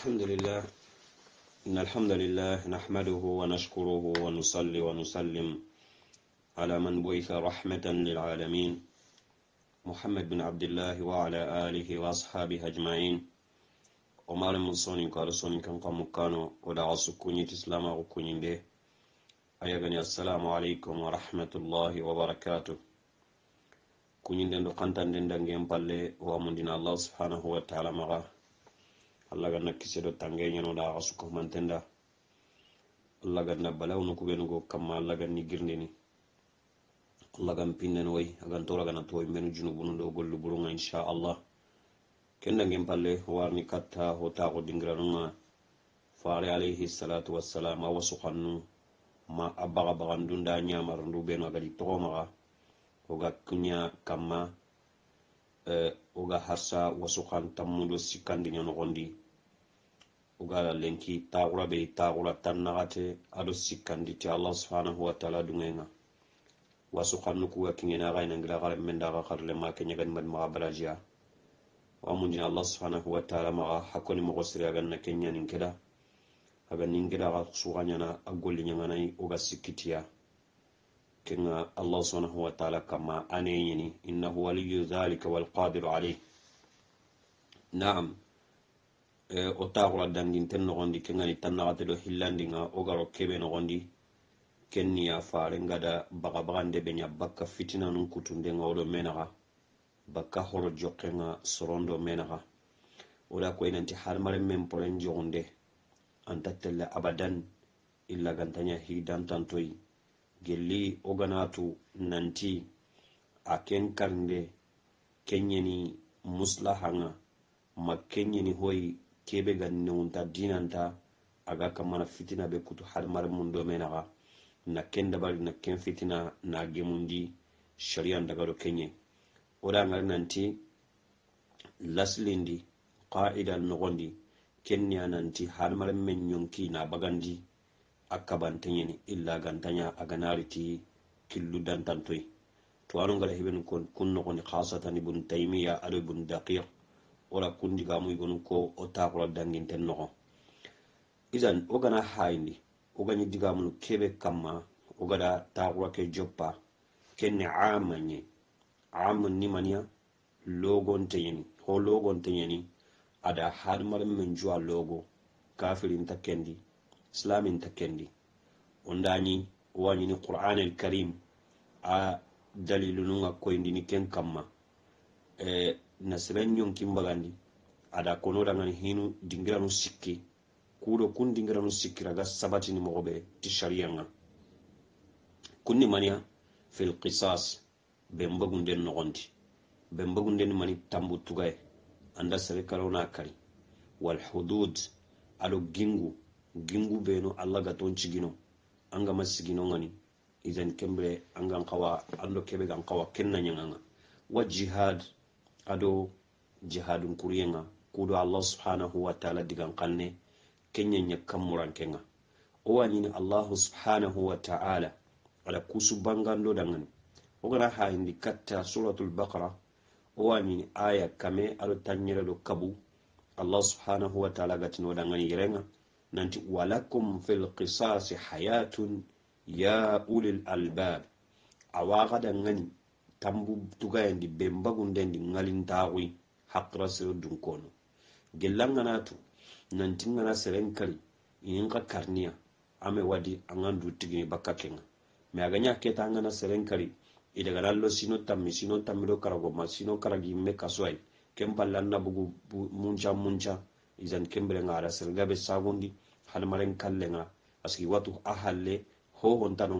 الحمد لله إن الحمد لله نحمده ونشكره ونصلي ونسلم على من بويث رحمة للعالمين محمد بن عبد الله وعلى آله وأصحابه أجمعين ومال من صوني قال صوني كان قام مكانو ولا عصكوني تسلاما وكوني به أيبني السلام عليكم ورحمة الله وبركاته كوني دندو قنطن دندن جنبالي ومن دين الله سبحانه وتعالى مغاه allah ganna kiseɗo tange ñanoɗa axa sukahumantenda allah ganna balawunu nugo kamma allah ganni girndini allah gan pinnen woy agan tora gana towoy menu junubunu ɗo gollu burunga inchallah kendangen palle warni katta ho taxo dingiranunga fare alayhi salatu wassalam a wasu hannu ma a baxa baxandun da ñamarandu ɓenu agadi toxomaxa oga kuña kamma eh, oga harsa wasu han tammudo sikkandi ñanoxondi ogala lenki taxura be taxura tannaxate ado sikkanditi allah subhanahu wa taala dungenga wasu xannu kuga kingena xaynangira xara mendaxa xarle ma ke ñagani maxa balajiya wa allah subhanahu wa maxa hakkoni moxo siri a ganna ke ñanin keda a ganin gedaxa suxañana a golli ñanganayi oga sikkitiya kenga allah subhanahu wa taala kamma ane ñini innahu waliyu dhalika walqadiru alayh naam Eh, o taxula danginten noxondi kengani tannaxatelo xillandinga o garo keɓe noxondi ken niya farengada baxabaxande baka ɲa bakka fitinanun kutundenga wo do menaxa bakka horo joqenga sorondo menaxa wo da koy nanti hadamaren men poren joxunde anta telle abadan illa gantaɲa hidantantoyi gelli wo ganatu nanti a ken karinde kenɲeni muslahanga ma kenɲeni hoyi kebe ga newunta dinanta aga kamana fitina be kutu hadmar mun do menaga na ken dabari na ken fitina na gemundi shari'an daga do kenye oda ngar nanti laslindi qa'ida nogondi kenya nanti hadmar men nyonki na bagandi akabantanye ni illa gantanya aganariti killu dantantoi to anu ngara hibin kun nogondi khasatan ibn taymiya ado ibn daqiq wala kundigamu igonu ko o takola danginten izan wo gana hayindi wo gañi kebe kamma wo gada ke joppa kenne ama ñe ama nimaniya logonte ñeni ho logonte ñeni ada hadamaren men juwa logo kafirinta kendi islaminta kendi ondañi wañini qur'an el karim a dalilununga koyndini ken kama eh, na seren yonkin bagandi ada kono da ngani hinu dingira sikki kudo kun dingira no sabati ni mogobe ti sharia nga kunni maniya fil qisas ben bagunden nogondi mani tambu tugaye anda sere karona kari wal alo gingu gingu beno allah ga ton cigino anga masigino ngani izan kembre angan kawa ando kebe gan kawa kenna nyanga wa jihad ado jihadun kuriyenga kudo allah subhanahu wa ta'ala digan kanne kenyen yakkan murankenga o wani allah subhanahu wa ta'ala ala kusu bangando dangan o gana ha indi katta suratul baqara o wani aya kame alo tanyere do kabu allah subhanahu wa ta'ala gatino dangan yirenga nanti walakum fil qisasi hayatun ya ulil albab awaga dangani tambu yandi tugayendi bembagundendi ŋalintaxuy hakra sere dunkono gelanga natu nanti ŋana seren kari inin ame wadi a tigini baka kenga na aga ɲa keta an ŋana seren kari idagana sino tammi sino karagoma sino karagimme kasoayi ken ballan nabugu munca muncha izan kemberenga ara sergabe sagundi hadamaren kallenga aski watu a halle hohontano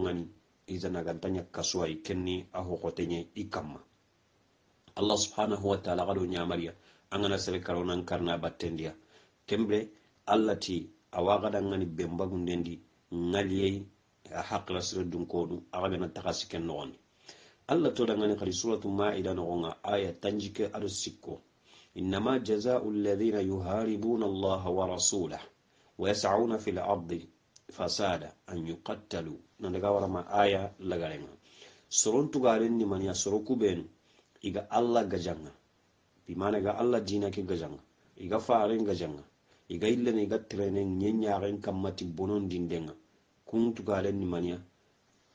isanagantanya kasuwa i kenni a hoxotenɲe i allah subhanahu wa taala xado ñamariya an gana sere karonan karna battendiya kembre allah ti awa xadangani benbagundendi ŋaliyei a haqira sire dunkonu axa bena taxasi ken noxondi allah todangani suratu maida noxonga aya tanjike aɗo sikko innama jazau alladina yuharibuna allaha wa rasulah ويسعون في الأرض fasada an kattalu na daga warama aya lagarenga soron tugaren ni mani soro kubenu iga allah gajanga bimana ga allah dina ke gajanga iga faren gajanga iga illene iga trenen nyenyaren kammati bonon dindenga kun tugarin ni mani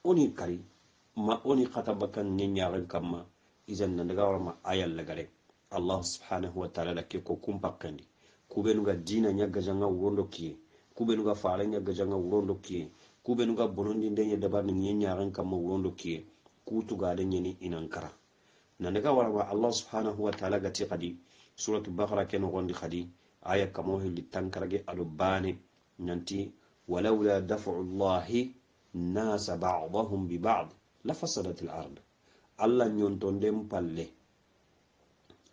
oni kari ma oni khatabakan nyenyaren kamma izan na daga warama aya lagare allah subhanahu wa ta'ala ke ko kun pakkandi kubenu ga dina ya gajanga wurin kiye kuɓenuga farenga gajanga wurondo kiye kuɓenuga bonondindeñe dabarni ñe ñaren kamma wurondo kiye kara. Na inankara ka warwa allah subhanahu wa taala gati kadi suratu bakara ke nogondi kadi aya kamo hilli karge aɗo bane nanti walau walawla dafau llahi nasa badahum bi bad lafasadat l ard allah ñontonden palle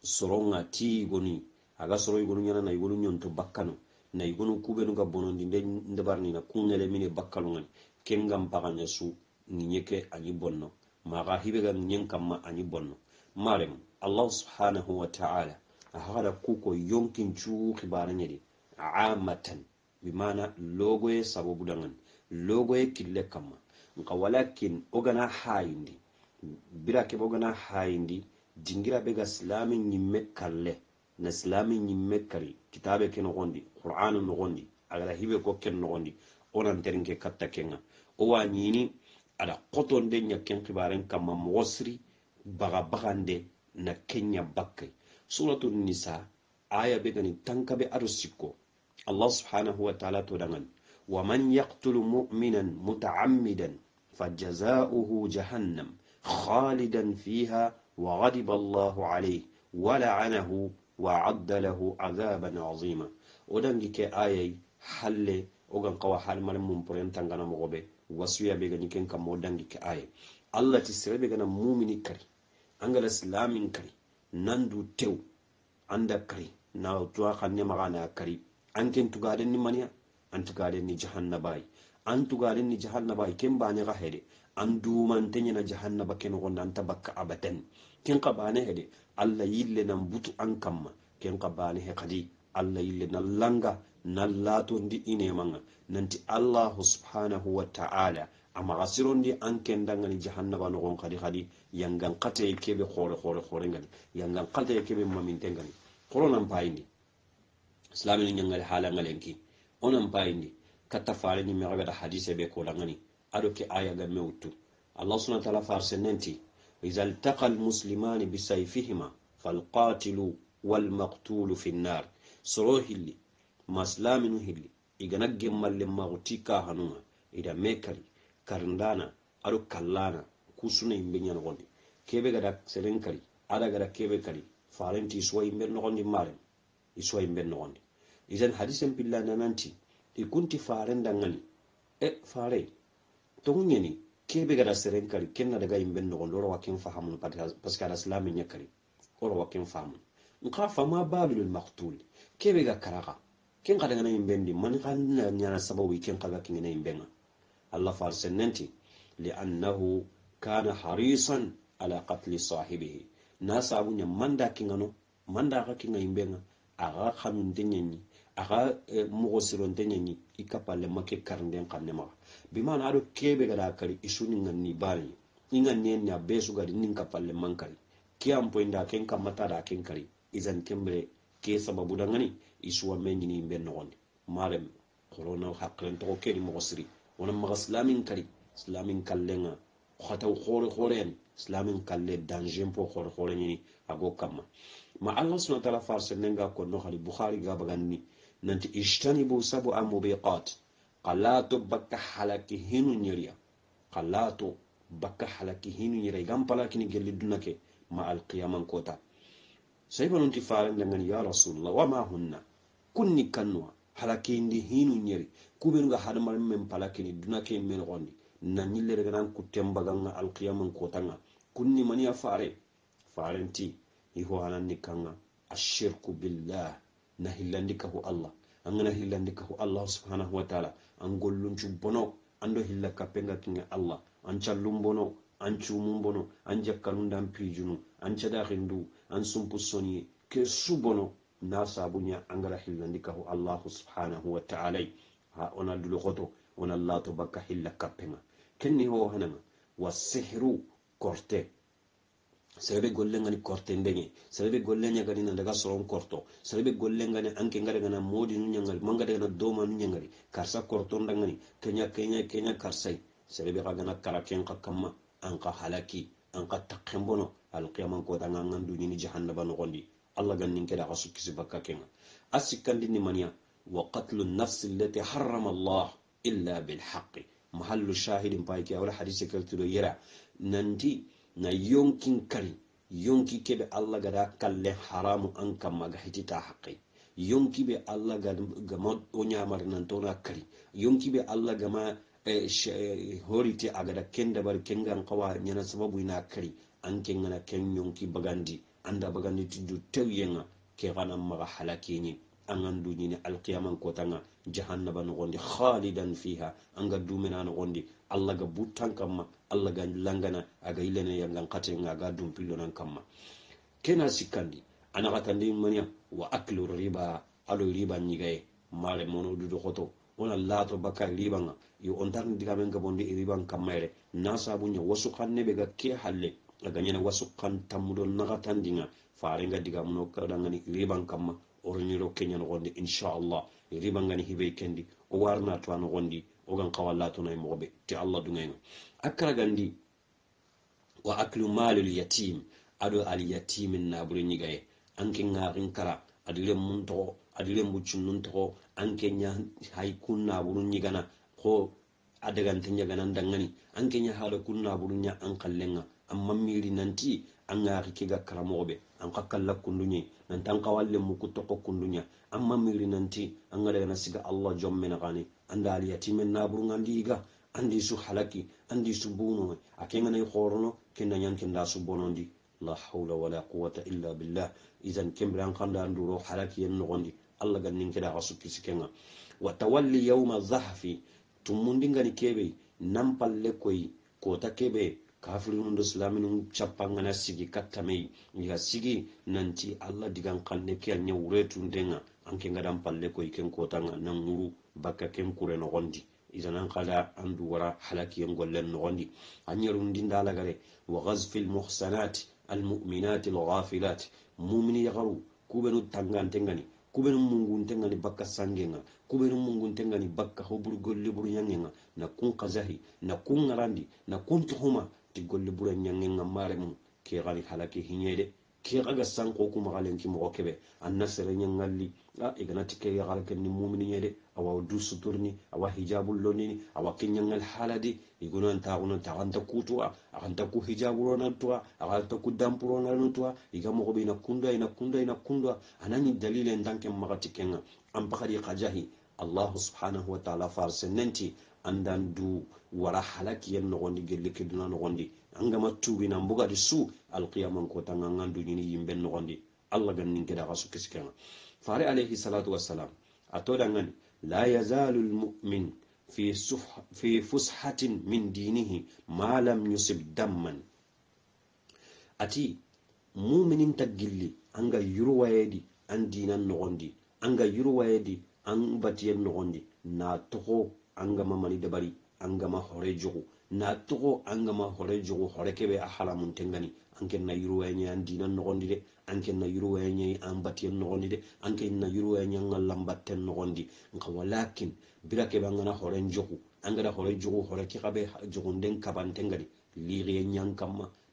soronga ti a aga soro na ñanana igonu ñonto bakkano na kube kubenu ga bonondi nde ndebarni na kunele mine bakkaluŋani ken gan paganya su ni ɲeke ani bonno maga hibe ga ɲen kanma ani bonno marem allah subhanahu wa ta'ala a hada kuko yonkin cuuki baranɲedi amatan bimana logoye sababu danŋani logoye kille kama nka walakin ogana hayindi bira kebe wo gana hayindi dingira be ga silami ɲimme kalle na silami ɲimme kari kitabe ke qur'anu nogondi agara hibe ko ken nogondi onan terinke katta kenga o wa ñini aɗa kotonde ñakken kibaren kamma mogo baga bagande na kenya bakkay suratu nisa aya be gani tankabe aɗo sikko allah subhanahu wa taala toɗagan waman yaktulu muminan mutaammidan fajazauhu jahannam khalidan fiha wa ghadiba allahu alayh ولعنه وعد له عذابا عظيما odangi ke ayai halle ogan hal mal mum furen tangana gobe wasu ya gani ken kam odangi ke ayai allah ti sere be gana mumini kari angala silamin kari nandu tew anda kari na tuwa khanne magana kari anken gaden ni Mania, an gaden ni jahannabai an gaden ni jahannabai ken bani ga hede an dumante na jahannaba ken gonda anta bakka abadan ken ka bani hede allah yille nan butu an kamma ken ka he kadi allah yille ndi ine manga nanti allahu subhanahu wa ta'ala amaxa ndi an kendangani jahannaba noxon xadi xadi yangan kebe keɓe xoore xoore ngani yangan xataye keɓe mamintengani xoronan payindi islamino ñangale halangalen ki onan payindi katta fareni mexagata hadise ɓe kolangani aɗo ke ga wuttu allah subana taala farse nanti ida iltaqa almuslimani bisayfihima falqatilu wal fi nnar soro hilli maslaminu hilli igana gemmalle maguti ka hanuma ida mekari karindana aɗo kallana kusuna yimɓe gondi kebe gada seren kari ada gada keɓe kari farenti isuwa yimɓe nogondi maren isuwa yimɓe nogondi isen hadisen pilla nananti i kunti faren dangani e fare toguñani kebe gada seren kari kenna daga yimɓe nogondi oro wakken fahamun parce que aɗa silami ñakkari oro wakin fahamu nka fama babilul maktul kebe ga karaga ken kada ngana yin bendi man kanna nyana sababu ken kada ken ngana yin benga allah fa sannanti li'annahu kana harisan ala qatli sahibihi na sabu nya manda kingano manda ka kinga yin benga aga khamin denyenyi aga mogo eh, siron denyenyi ikapalle make karnden kanne ma bimana ado kebe ga kari isuni ni bani ina nyen ya besu ga din kapalle mankari kiyam poinda ken kamata da ken kari izan kembere ke sababu dangani isuwa menyini imbe nogondi marem korona hakkilen togo ni mogo siri wona maga silamin kari silamin kallenga khataw khore khore en silamin kalle danger po khore khore nyini ago kama. ma allah subhanahu wa ta'ala farse nenga ko no hali bukhari ga bagandi nanti bu sabu amubiqat qalato bakka halaki hinu nyeriya qalato bakka halaki hinu nyeriya gam pala kini gelli dunake ma al alqiyaman kota seybanum ti faren dangani ya rasulullah wa ma hunna kunni kannuwa halakindi hinu nyeri ñeri kuɓenuga hadamaren men palakini dunake men gondi nanñillere ganan kuttembaganga alqiyaman kotanga kunni mani afare fare farenti iho anan nikanga ashirku billah na hillandi kahu allah angana hillandi kahu allah subhanahu wa taala an golluncu bono ando hilla kappenga kinga allah an callum bono an cumum bono an jakkanunda an piijunu an cadahindu an sumpussoniye ke su bono na sabuña angara hillandi kahu allahu subhanahu wa taalay ha ona dulogoto ona laato bakka hilla kappega kenni ho hanaga wa sihru korte serebe golle ngani korte ndeŋe serebe golle ñagani na daga soron korto serebe golle ngani anke ngada ngana modi nu ñaŋari mangada gana doma nu nyangali, karsa korto ndangani kenya kenya kenya karsai serebe ka gana kara ken ka kamma an ka halaki an ka takken bono alqiyaman ko tan an du ni jahannaba no gondi allah gannin keda ka sukisi bakka kenga asikandi ni maniya wa qatlu nafsi allati harrama allah illa bil haqqi mahallu shahidin payke awla hadise kaltudo yera nanti na yonkin kari yonki keɓe allah gada kalle haramu an kamma maga hitita haqqi yonki be allah gama o ñamari tona kari yonki be allah gama Eh, eh, horite agada kenda bar kengan kawa nyana sababu ina kari an kengana ken yonki bagandi anda bagandi tudu tewyenga ke gana maga halakenye an an duñini alqiyaman kotanga jahannaba nogondi halidan fiha anga dumena nogondi allah ga butan kama allah ga langana aga filo yangan kama aga dumpillonan kamma kena sikkandi anagatandi maniya wa aklu riba alo riba ñigaye male dudu koto ona lato baka e ribanga yi on tan diga men gabonde kan e riban kamere na sabunya wasu kanne be ga ke halle daga nyana wasu kan tamudo naga dinga fare ga diga muno kada ngani e riban ro kenya no gonde insha Allah riban ngani hibe kendi o warna to an gondi o gan kawallato nay mobe ti Allah dungayno akara gandi wa aklu malul yatim ado al yatimin na burin gay an kin ngarin kara mun to adire mbucunnun togo an kenya hay na burun nyigana ko adaganta nyaganan dangani an kenya kun na burun nya an kallenga amma miri nanti an ga kike ga karamobe an kakkalla kundunye nan tan kawalle mu ku toko kundunya amma miri nanti an ga daga nasiga Allah jomme na gani an da aliyati men na burun an an di su halaki an di su buno akenga nay khorono kenna nyanken da su bonondi la hawla wala quwwata illa billah idan kembran kanda nduro halaki en nogondi allah gannin keɗa xa sukki sikenga wa tawalli yauma zahfi ni kebe nan palle koyi kota keɓe kafirinundu silaminu cappangana sigi mai ya sigi ci allah digan kanne ke wure tun dinga an ke gadan palle koyi ken kotanga nan wuru bakka kin kure idan izanan kada an duwara halakiyen gollen gondi an da lagare wa gazfi muhsanat almuminat alghafilat mumini yagaru kubenu tangantengani kuɓen munguntegani bakka sangega kuɓen baka bakka hoɓurgol leburu yagega na kun kazahi na kun garandi na kun tuhuma ti golle bura yagega mare mum kegani halake hiñede kegaga sanko kumagalenki mogo keɓe anna sere yagalli a ah, iganati ke yagalken ni mumini nyede awa dusu turni awa hijabul lonini awa kinyangal haladi igunan ta unan ta anta kutuwa anta ku hijabul onan tuwa anta ku dampuro onan tuwa igamo ko ina kundwa ina kundwa ina kundwa anani dalile ndanke magati kenga am bakari qajahi allah subhanahu wa ta'ala farsenenti andan du wara halaki yen nogondi gelli kiduna nogondi angama mbuga di su alqiyaman kotanga du ñini yimben nogondi allah gannin gida, gasu su fare alayhi salatu wassalam a la yazalu almu'min fi fushatin min dinihi malam yusuf yusib damman ati muminin taggilli anga yurwayedi an dinan nogondi anga yurwayedi an batiyen nogondi na togo anga mamani dabari anga ma hore jogu na togo an gama hore jogo hore kebe a haramun tengani an ken na yuru waya an dina nogondi de an na yuru waya an batiyen nogondi de an na yuru waya an lambatten nogondi nka walakin bira kebe an gana hore jogo an gana hore jogo hore ki kabe jogonden kaban tengani liye nyan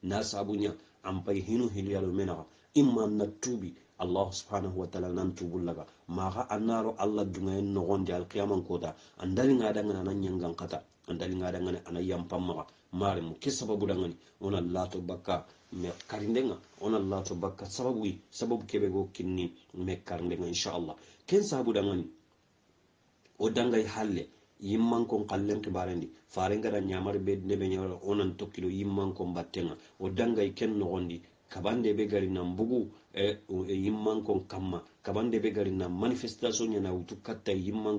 na sabunya an pai hinu hiliyalo menaga imma na tubi allah subhanahu wa taala nan tubullaga maga annaro allah dungayen nogondi alqiyaman koda andali ngada ngana nan nyangan kata antali ngada ngani ana yampammaga mari mu ke sababu da ngani ona lato bakka me karindenga ona lato bakka sababu yi sababu kebe go kinni me karindenga inshallah ken sababu da ngani o dangay halle yimmankon kallen kibarendi farengada ñamari be nebe ñamara onan tokkilo yimmankon battenga o dangay ken nogondi kabande be gari nan bugu Eh, eh, kon kamma kabande be gari na manifestation yana wutu katta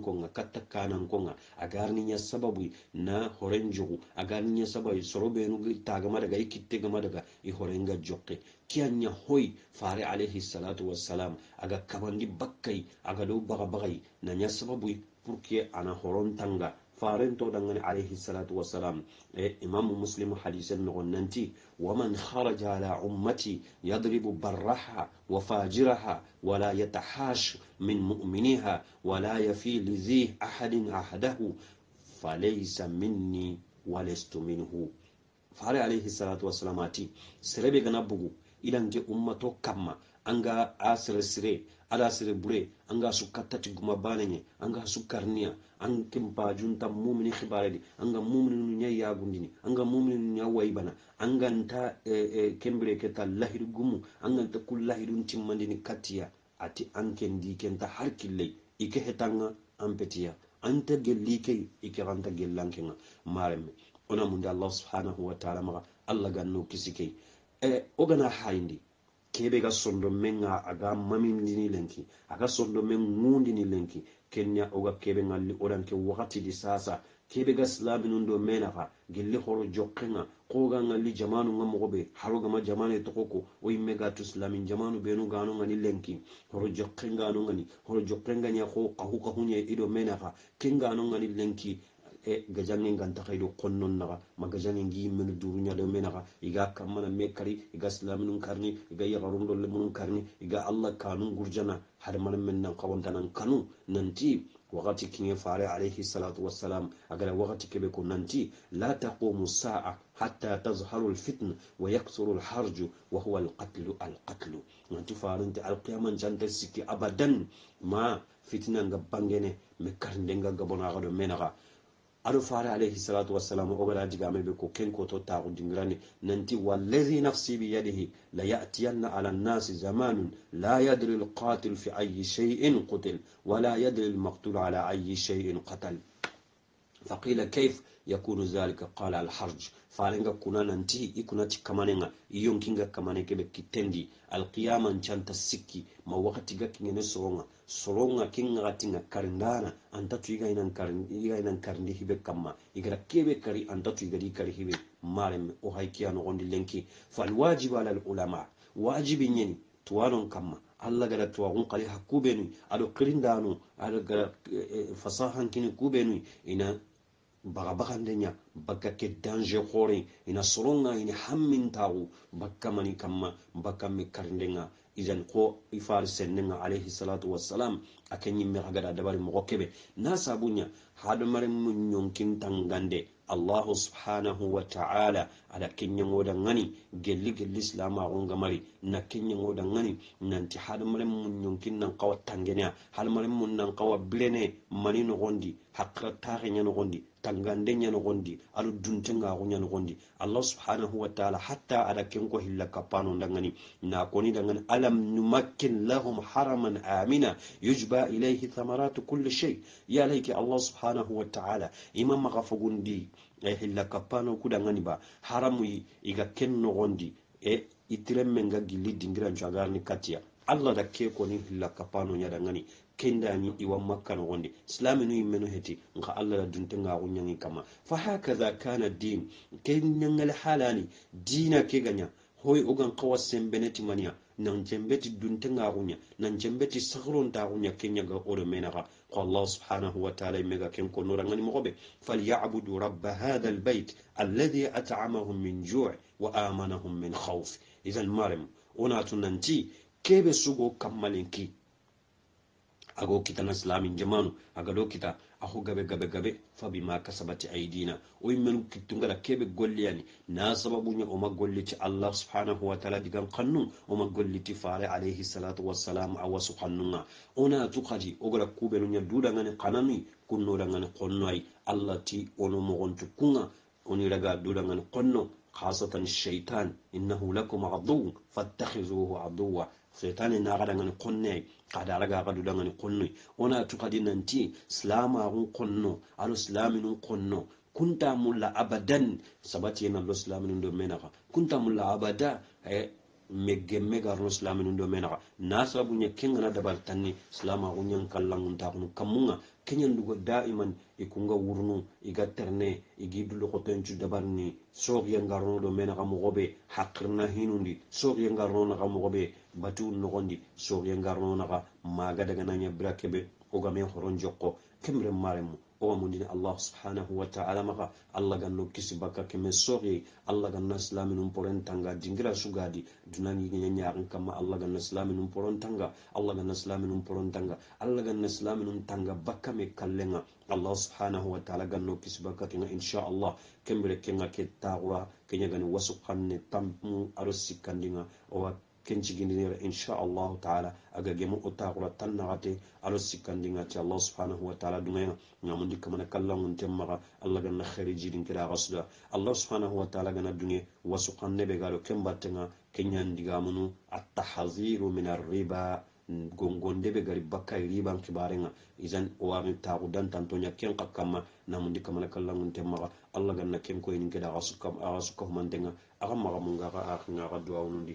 kon ga katta kon ga a garnin ya sababu na horen jugu a garnin ya sababu soro benu tagama daga ikitte gama daga i horen ga jokke kiyan ya hoy fare alaihi salatu wassalam aga di bakkai aga do baga bagai na ya sababu purke ana horon tanga faren to dangane alayhi salatu wassalam e eh, imamu muslimu hadisen nogon nanti waman kharaja ala ummati yadribu barraha wa fajiraha wala yatahash min mu'miniha wala yafi lidhi ahadin ahadahu falaysa minni walestu minhu fare alayhi salatu wassalam ati serebe gana bugu ilan ummato kamma anga asresire ala sere bure an ga su kattati guma an ga su karniya an kimpa junta mumini an anga mumini nu nyai an ga mumini nu nya waibana anga nta eh, eh, kembere keta lahiru gumu an ga nta kul lahirun ni katiya, ati ken di kenta har kille ike hetanga an ta gelli ke ike ganta ma marem ona da allah subhanahu wa taala ma allah ganno kisi kei e ogana haindi kebe ga sondo menga aga dini lenki aga sondo men ni lenki kenya oga kebe ngalli ke wakati di sasa kebe ga slabi nun do mena fa gilli horo jokkenga koga ngalli jamanu nga be haro gama jamane tokoko o imme ga tu silami jamanu benu gano ngani lenki horo jokkenga no ngani horo jokkenga nya ko kahu kahu nya ido mena fa kenga no ngani lenki e gajanin ganta kaido do konnon naga magajanin gi min durunya mena menaga iga kamana me kari iga silaminun karni iga yararun do mun karni iga allah kanun gurjana har man men nan kawanta nan kanu nanti wakati kinye fare alaihi salatu wassalam agala wakati kebe ko nanti la taqumu sa'a hatta tazharu alfitna wa yaksuru alharju wa huwa alqatlu alqatlu nanti farinti alqiyaman janta siki abadan ma fitna nga bangene me karnde nga gabona do menaga aɗo faare alayhi salatu wassalamu ogara jigame ɓe ko kenko tottaku dingirani nanti walladi nafsi bi yadihi la yatiyanna ala nnasi zamanun la yadri lqatil fi ayi cheyin qutil wala yadri lmaqtul ala ayi cheyin qatal faqila kayf yakunu zalika qala alharj farenga kunana nti ikunati kamanenga iyonkinga kamane kebe kitendi alqiyama ncanta sikki ma wakati ga kingene soronga soronga kingatinga karindana antatu iga inan karin iga inan karindi hibe kamma igara kebe kari antatu iga di kari hibe marem o haikiya no gondi lenki fal wajibu ala ulama wajibi nyeni tuwanon kamma allah gara tuwaxun qali hakkuɓenuy aɗo qirindanu aɗo gara eh, eh, fasahankini kuɓenuy ina bagabagandeña baka ke danger hoore ina soronga ina hammintaxu bakka mani kamma bakka me karndenga idan ko ifar sennenga alayhi salatu wassalam a ken yimme xagada dabari moxo kebe na sabuña hadamaren mu tangande allahu subhanahu wa ta'ala ada kenyangoda ngani gelli gelli islama gonga mari na kenyangoda ngani nanti hadamaren mu ñonkin nan kawa tangenia hadamaren mun nan kawa bilene mani nogondi hakra tare ñanogondi tangande ñanogondi aɗo duntengaku gondi allah subhanahu wa taala hatta aɗa kenko hilla kappano dangani nakoni dangani alam numakin lahum haraman amina yujba ilayhi thamaratu kulli shay laiki allah subhanahu wa taala ima maga fogundi e hilla ku kudangani ba haramu iga no gondi e itiren men ga gilli dingiranco agarni katia. allah da ke ko ni hilla kapano nya ngani kenda ni iwa makka no wonde islami ni meno heti nka allah da dunta nga wonya gunyangi kama fa hakaza kana din kenyangal halani dina ke ganya hoy ogan kawa sembeneti mania nan jembeti dunta nga wonya nan jembeti sagron ta wonya kenya ga ore menaga ko allah subhanahu wa ta'ala mega ken ko nora ngani mo be falyabudu rabb hadha albayt alladhi at'amahum min ju' wa amanahum min khawf idan marim ona tunanti kebe sugo a ago kitana silamin jamanu agado kita ko gabe gabe gabe fabima kasabati aidina o immen kittungara kebe yani na sababu ma golli ci allah subhanahu wa taala digan kannun golli ti fare alayhi salatu wassalam awa subhanunga ona tukadi ogara kubenunya dudangani kananui kunnodangani qonnoai allah ti ono mogontu kunga oni raga ngani qonno khasatan shaitan innahu lakum adu fattakhizuhu aduwa setani naxaɗa ngani konne kada raga ka duda ngani konno wona tukadi nanti silamaxun konno alo silaminun konno kunta mulla abadan sabati yena lo silaminun do menaxa kunta mulla abada e, megemme garno silaminun do menaxa na sababu ña kengana dabar tanni silamaxu ñan kallanguntaxunu kamunga kenyan dugo da'iman kunga wurnu iga terne igi dulo kotencu dabarni soxiya ngarno do menaxa moxoɓe haqirna hinundi soxiya ngarno naxa moxoɓe batuul nogondi sooriye ngarnonaxa maga daga naña bira keɓe ogamen horon jokko kemren maremu owa mundini allah subhanahu wa taala maxa allah ganno kisi bakka keme soxi allah ganna silaminum porontanga dingira sugadi dunangigeña ñaxin kamma allah ganna silaminum porontanga allah ganna silaminum porontanga allah ganna silaminum tanga bakka me kallenga allah subhanahu wa taala ganno kisi bakka kenga insha allah kembire kenga ke taxura keñagani wasu xanne tammu aro sikkandinga owa ken insha allahu taala aga gemu o taxura tan naxate alo sikkandingati allah subhanahu wa taala dungayenga ñamundi kamana kallangun ten maxa allah ganna xeri jidinkeɗaxa suda allah subhanahu wa taala gana dunge wasu xannebe gaɗo ken battenga ke ñandigamunu attahaziru min arriba gongonde be gari bakka riban kibarenga izan wami taku dantanto ña ken xa kamma namundi kamana kallangun ten maxa allah ganna ken koyenin keɗa axa sukka humantenga axa maxa munga axa axinga axa duwawunundi